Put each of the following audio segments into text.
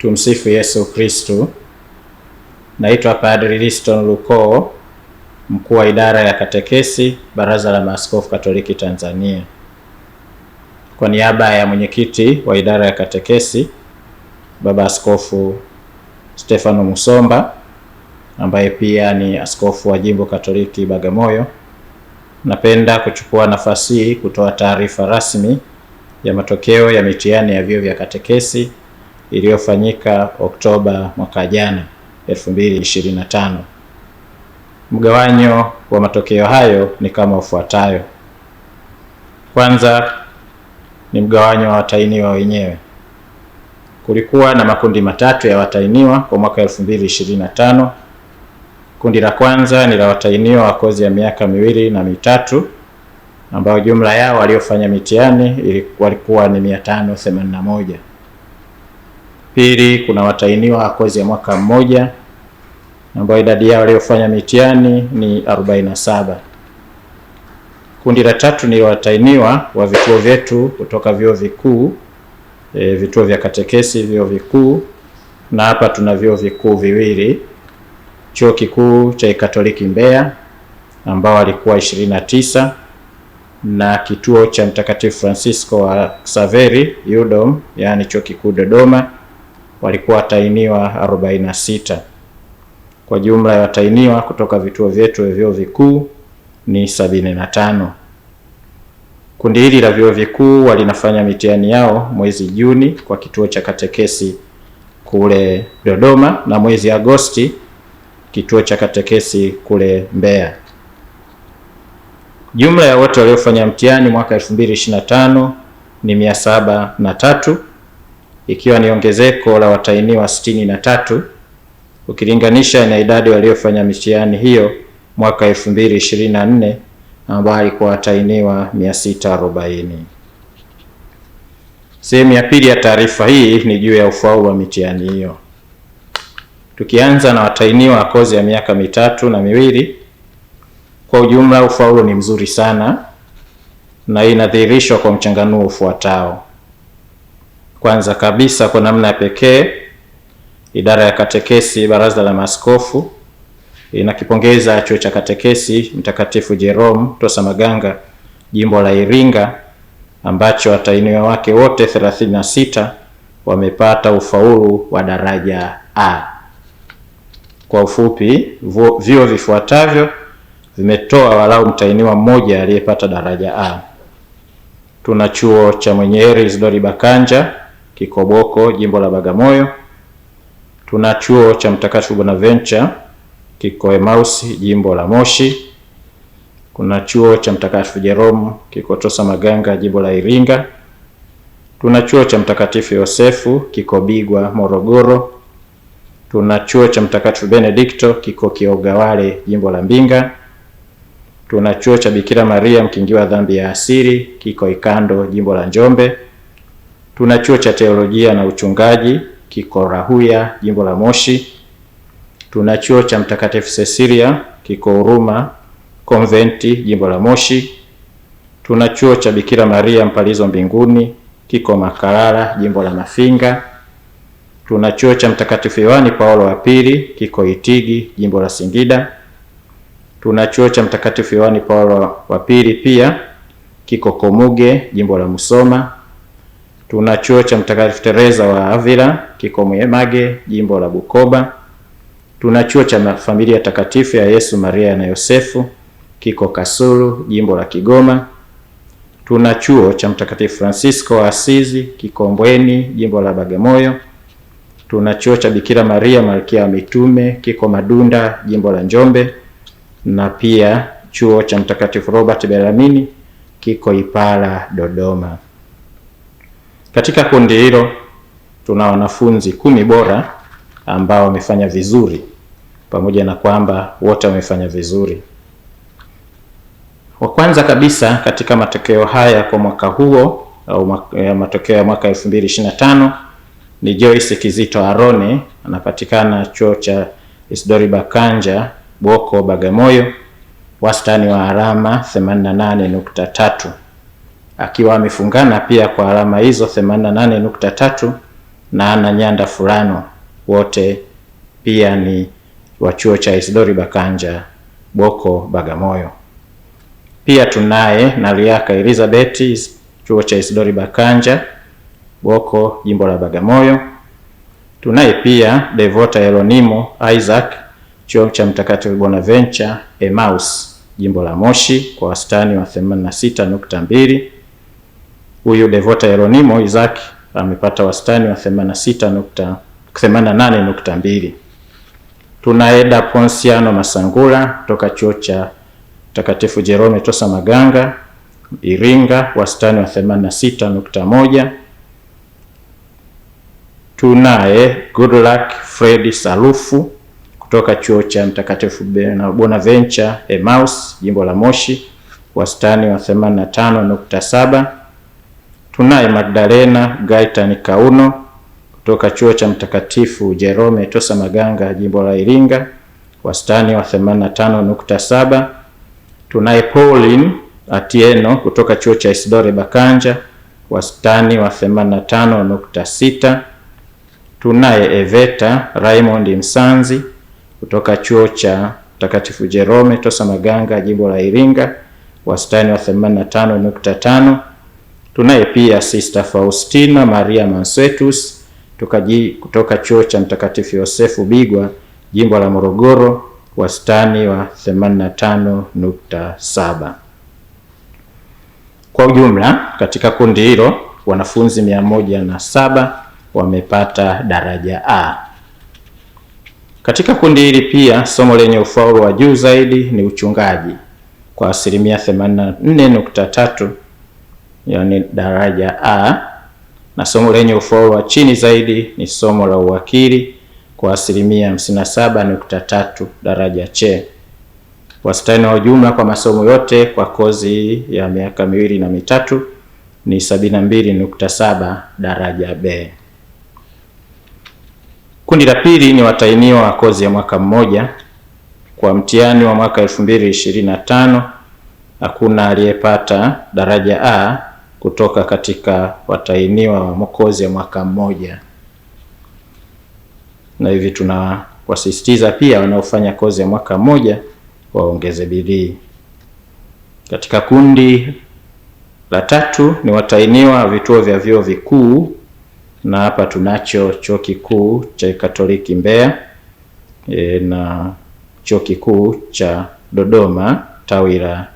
Tumsifu Yesu Kristu. Naitwa Padri Liston Luko, mkuu wa idara ya katekesi, Baraza la Maaskofu Katoliki Tanzania. Kwa niaba ya mwenyekiti wa idara ya katekesi, Baba Askofu Stefano Musomba, ambaye pia ni askofu wa Jimbo Katoliki Bagamoyo, napenda kuchukua nafasi hii kutoa taarifa rasmi ya matokeo ya mitihani ya vyuo vya katekesi iliyofanyika Oktoba mwaka jana 2025. Mgawanyo wa matokeo hayo ni kama ufuatayo. Kwanza ni mgawanyo wa watainiwa wenyewe. Kulikuwa na makundi matatu ya watainiwa kwa mwaka 2025. Kundi la kwanza ni la watainiwa wa kozi ya miaka miwili na mitatu ambao jumla yao waliofanya mitihani walikuwa ni 581. Pili, kuna watainiwa wa kozi ya mwaka mmoja ambayo idadi yao waliofanya mitihani ni 47. Kundi la tatu ni watainiwa wa vituo vyetu kutoka vyuo vikuu e, vituo vya katekesi, vyuo vikuu na hapa tuna vyuo vikuu viwili, chuo kikuu cha Katoliki Mbeya ambao walikuwa 29 na kituo cha Mtakatifu Francisco wa Xaveri UDOM, yaani chuo kikuu Dodoma walikuwa watainiwa 46. Kwa jumla ya watainiwa kutoka vituo vyetu vya vyuo vikuu ni 75. Kundi hili la vyuo vikuu walinafanya mitihani yao mwezi Juni kwa kituo cha katekesi kule Dodoma na mwezi Agosti kituo cha katekesi kule Mbeya. Jumla ya wote waliofanya mtihani mwaka 2025 ni 703 ikiwa ni ongezeko la watahiniwa sitini na tatu ukilinganisha na idadi waliofanya mitihani hiyo mwaka 2024 ambayo alikuwa watahiniwa 640. Sehemu ya pili ya taarifa hii ni juu ya ufaulu wa mitihani hiyo, tukianza na watainiwa wa kozi ya miaka mitatu na miwili. Kwa ujumla ufaulu ni mzuri sana na inadhihirishwa kwa mchanganuo ufuatao. Kwanza kabisa kwa namna ya pekee idara ya katekesi baraza la maskofu inakipongeza chuo cha katekesi Mtakatifu Jerome Tosamaganga jimbo la Iringa ambacho watahiniwa wake wote 36 wamepata ufaulu wa daraja A. Kwa ufupi, vyuo vifuatavyo vimetoa walau mtahiniwa mmoja aliyepata daraja A. Tuna chuo cha Mwenye Heri Isidori Bakanja Kikoboko, jimbo la Bagamoyo. Tuna chuo cha Mtakatifu Bonaventure kiko Emmaus, jimbo la Moshi. Kuna chuo cha Mtakatifu Jerome kiko Tosa Maganga, jimbo la Iringa. Tuna chuo cha Mtakatifu Yosefu kiko Bigwa, Morogoro. Tuna chuo cha Mtakatifu Benedikto kiko Kiogawale, jimbo la Mbinga. Tuna chuo cha Bikira Maria mkingiwa dhambi ya asili kiko Ikando, jimbo la Njombe. Tuna chuo cha teolojia na uchungaji kiko Rahuya, jimbo la Moshi. Tuna chuo cha Mtakatifu Cecilia kiko Huruma konventi, jimbo la Moshi. Tuna chuo cha Bikira Maria Mpalizo Mbinguni kiko Makalala, jimbo la Mafinga. Tuna chuo cha Mtakatifu Yohani Paulo wa Pili kiko Itigi, jimbo la Singida. Tuna chuo cha Mtakatifu Yohani Paulo wa Pili pia kiko Komuge, jimbo la Musoma. Tuna chuo cha Mtakatifu Teresa wa Avila kiko Mwemage, jimbo la Bukoba. Tuna chuo cha Familia Takatifu ya Yesu, Maria na Yosefu kiko Kasulu, jimbo la Kigoma. Tuna chuo cha Mtakatifu Francisco wa Asizi kiko Mbweni, jimbo la Bagamoyo. Tuna chuo cha Bikira Maria Malkia wa Mitume kiko Madunda, jimbo la Njombe, na pia chuo cha Mtakatifu Robert Beramini kiko Ipala, Dodoma. Katika kundi hilo tuna wanafunzi kumi bora ambao wamefanya vizuri, pamoja na kwamba wote wamefanya vizuri. Wa kwanza kabisa katika matokeo haya kwa mwaka huo au eh, matokeo ya mwaka 2025 ni Joyce Kizito Arone, anapatikana chuo cha Isidori Bakanja Bwoko, Bagamoyo, wastani wa alama 88.3 akiwa amefungana pia kwa alama hizo 88.3 na Ana Nyanda Furano, wote pia ni wa chuo cha Isidori Bakanja Boko Bagamoyo. Pia tunaye Naliaka Elizabeth, chuo cha Isidori Bakanja Boko, jimbo la Bagamoyo. Tunaye pia Devota Elonimo Isaac, chuo cha Mtakatifu Bonaventure Emmaus, jimbo la Moshi, kwa wastani wa 86.2 huyu Devota Yeronimo Isaac amepata wastani wa 86.82. Tunaeda Eda Ponsiano Masangula kutoka chuo cha Mtakatifu Jerome Tosa Maganga Iringa, wastani wa 86.1. Tunaye Goodluck fred Salufu kutoka chuo cha Mtakatifu Bonaventure Emmaus, jimbo la Moshi, wastani wa 85.7. Tunaye Magdalena Gaitan Kauno kutoka chuo cha Mtakatifu Jerome Tosa Maganga jimbo la Iringa, wastani wa 85.7. Tunaye Pauline Atieno kutoka chuo cha Isidore Bakanja, wastani wa 85.6. Tunaye Eveta Raymond Msanzi kutoka chuo cha Mtakatifu Jerome Tosa Maganga jimbo la Iringa, wastani wa 85.5 Tunaye pia Sister Faustina Maria Mansetus tukaji, kutoka chuo cha Mtakatifu Yosefu Bigwa jimbo la Morogoro, wastani wa 85.7. Kwa ujumla katika kundi hilo wanafunzi 107 wamepata daraja A. Katika kundi hili pia somo lenye ufaulu wa juu zaidi ni uchungaji kwa asilimia 84.3 yani daraja A, na somo lenye ufaulu wa chini zaidi ni somo la uwakili kwa asilimia 57.3 daraja C. Wastani wa ujumla kwa masomo yote kwa kozi ya miaka miwili na mitatu ni 72.7 daraja B. Kundi la pili ni watainiwa wa kozi ya mwaka mmoja. Kwa mtihani wa mwaka 2025 hakuna aliyepata daraja A kutoka katika watainiwa wa Mwokozi ya mwaka mmoja, na hivi tunawasisitiza pia wanaofanya kozi ya mwaka mmoja waongeze bidii. Katika kundi la tatu ni watainiwa vituo vya vyuo vikuu, na hapa tunacho chuo kikuu cha Katoliki Mbeya e, na chuo kikuu cha Dodoma tawi la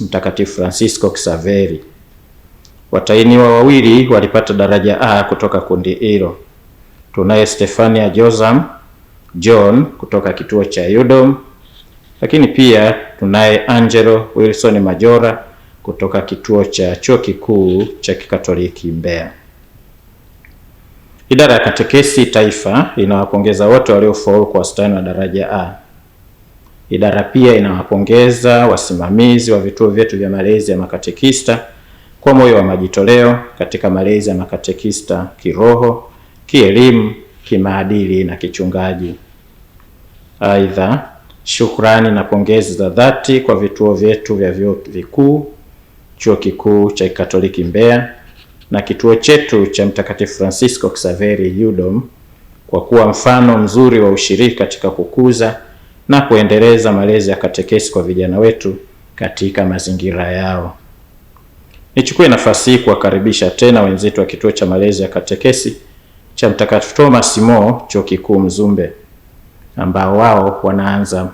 Mtakatifu Francisco Xaveri. Watainiwa wawili walipata daraja A kutoka kundi hilo. Tunaye Stefania Josam John kutoka kituo cha UDOM, lakini pia tunaye Angelo Wilson Majora kutoka kituo cha chuo kikuu cha Kikatoliki Mbeya. Idara ya Katekesi Taifa inawapongeza wote waliofaulu kwa wastani wa daraja A. Idara pia inawapongeza wasimamizi wa vituo vyetu vya malezi ya makatekista kwa moyo wa majitoleo katika malezi ya makatekista kiroho, kielimu, kimaadili na kichungaji. Aidha, shukrani na pongezi za dhati kwa vituo vyetu vya vyuo vikuu, chuo kikuu cha Katoliki Mbeya na kituo chetu cha Mtakatifu Francisco Xaveri UDOM kwa kuwa mfano mzuri wa ushiriki katika kukuza na kuendeleza malezi ya katekesi kwa vijana wetu katika mazingira yao. Nichukue nafasi hii kuwakaribisha tena wenzetu wa kituo cha malezi ya katekesi cha Mtakatifu Thomas More Chuo Kikuu Mzumbe, ambao wao wanaanza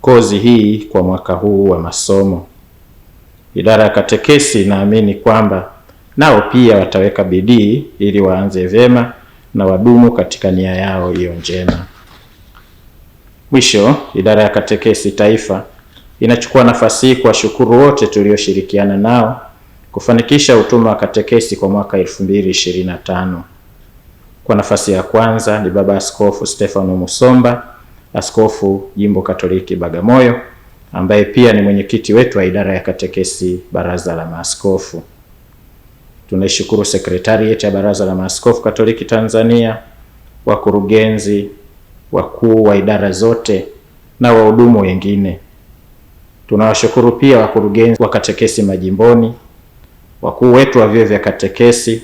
kozi hii kwa mwaka huu wa masomo. Idara ya katekesi inaamini kwamba nao pia wataweka bidii ili waanze vyema na wadumu katika nia yao hiyo njema. Mwisho, idara ya katekesi taifa inachukua nafasi hii kuwashukuru wote tulioshirikiana nao kufanikisha utume wa katekesi kwa mwaka 2025. Kwa nafasi ya kwanza ni Baba Askofu Stefano Musomba, askofu jimbo Katoliki Bagamoyo, ambaye pia ni mwenyekiti wetu wa idara ya katekesi Baraza la Maaskofu. Tunaishukuru sekretarieti ya Baraza la Maaskofu Katoliki Tanzania, wakurugenzi wakuu wa idara zote na wahudumu wengine. Tunawashukuru pia wakurugenzi wa katekesi majimboni wakuu wetu wa vyuo vya katekesi,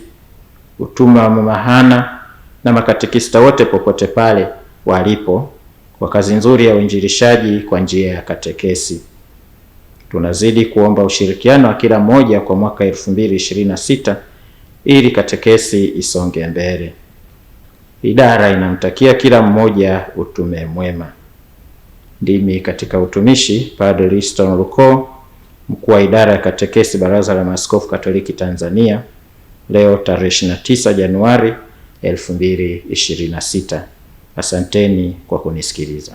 utume wa mamahana na makatekista wote popote pale walipo kwa kazi nzuri ya uinjilishaji kwa njia ya katekesi. Tunazidi kuomba ushirikiano wa kila mmoja kwa mwaka 2026 ili katekesi isonge mbele. Idara inamtakia kila mmoja utume mwema. Ndimi katika utumishi, Padre Liston Lukoo mkuu wa idara ya katekesi Baraza la Maaskofu Katoliki Tanzania, leo tarehe 29 Januari 2026. Asanteni kwa kunisikiliza.